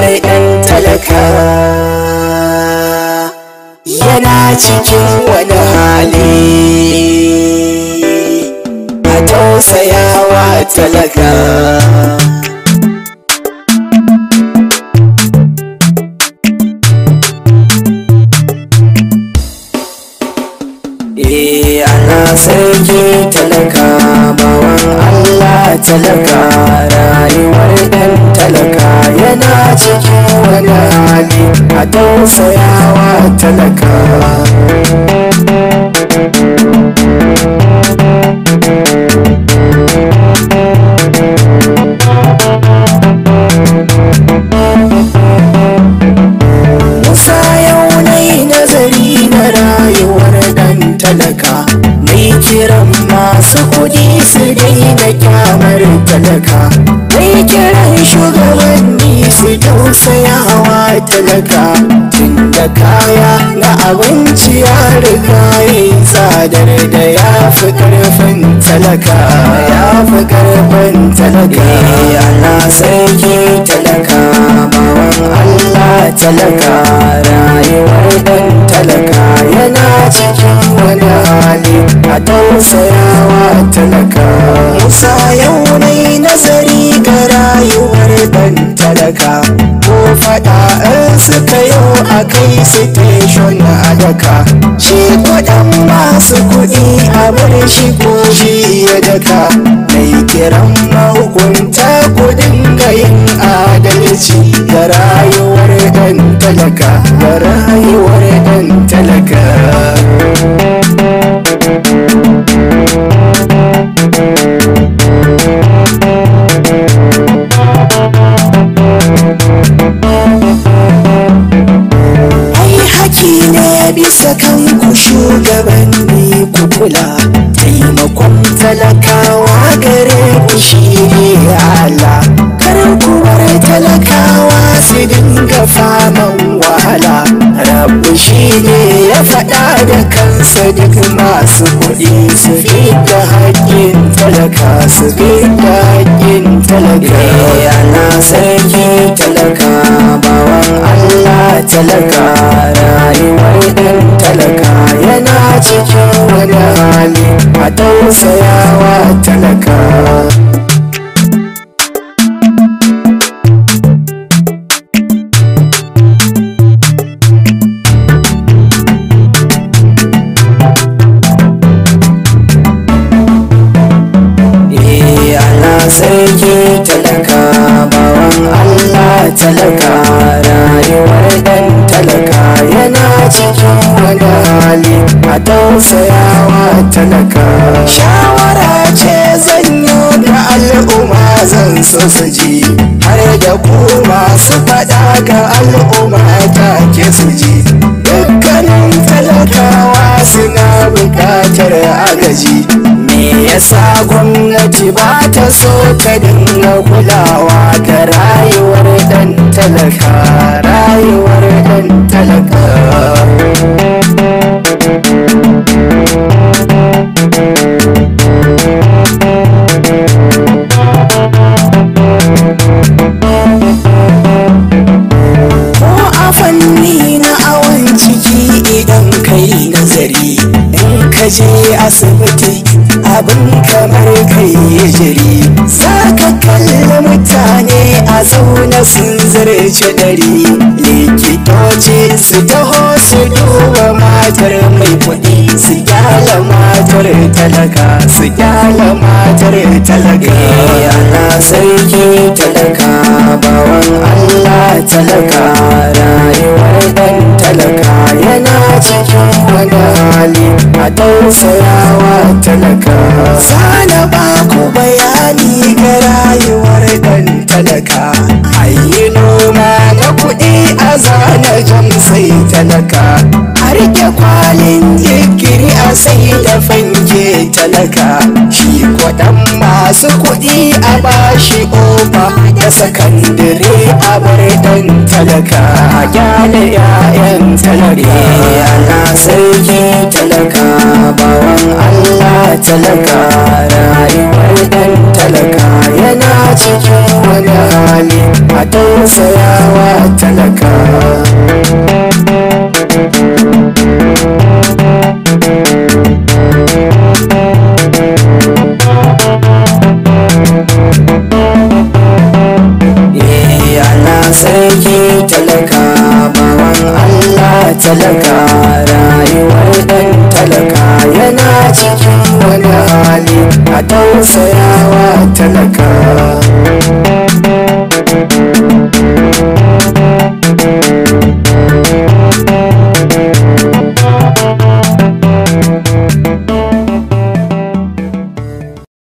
kamar ɗan talaka yana cikin wani hali a tausayawa talaka eh, ana sarki talaka ba talaka rayuwar ɗan talaka yana cikin wani hali a tausayawa talaka nazari na rayuwar talaka mai kiran talaka mai kiran shugabanni su wa talaka tun da kaya na abinci ya riga yi tsadar da ya fi ƙarfin talaka ya fi ƙarfin talaka yana eh, sarki talaka bawan Allah talaka Rayuwar dan talaka yana cikin wani hali a tausayawa talaka musa yau nai nazari ga rayuwar dan talaka ko faɗa in suka yau a kai station na adaka shi kuɗin masu kuɗi a bar shi ko shi ya daka mai kiran mahukunta kudin ga yin adalci talaka da rayuwar 'yan talaka ai haki ne bisa kan ku shugabanni ku kula taimakon talakawa gare ku shi ne rabu shi ne ya faɗa da kansa duk masu kuɗi su fi da haƙƙin talaka su fi da haƙƙin talaka yana eh, sarki talaka bawan Allah talaka rayuwar ɗan talaka yana cikin wani hali a tausayawa talaka talaka rayuwar dan talaka yana cikin wani a tausayawa talaka shawara ce zan yi ga al'umma zan so su ji har da ku masu faɗa ga al'umma ta ke su ji dukkanin talakawa suna buƙatar yasa gwamnati ba ta so ta dinga kulawa da rayuwar dan talaka abin kamar kai jiri za ka kalli mutane a zaune sun zarce ɗari likitoci su taho su duba matar mai kuɗi su kyala matar talaka su kyala matar talaka yana eh, sarki talaka bawan allah talaka wani hali a tausayawa talaka sana ba ku bayani ga rayuwar dan talaka ayi noma na kuɗi a zana jam sai talaka a rike kwalin jikiri a sai da fanke talaka masu kuɗi a bashi ofa da sakandare a bar dan talaka a gyara 'ya'yan talaka ana sarki talaka bawan allah talaka rayuwar dan talaka yana cikin wani hali a tausayawa talaka talaka rayuwar dan talaka yana cikin wani hali a tausayawa talaka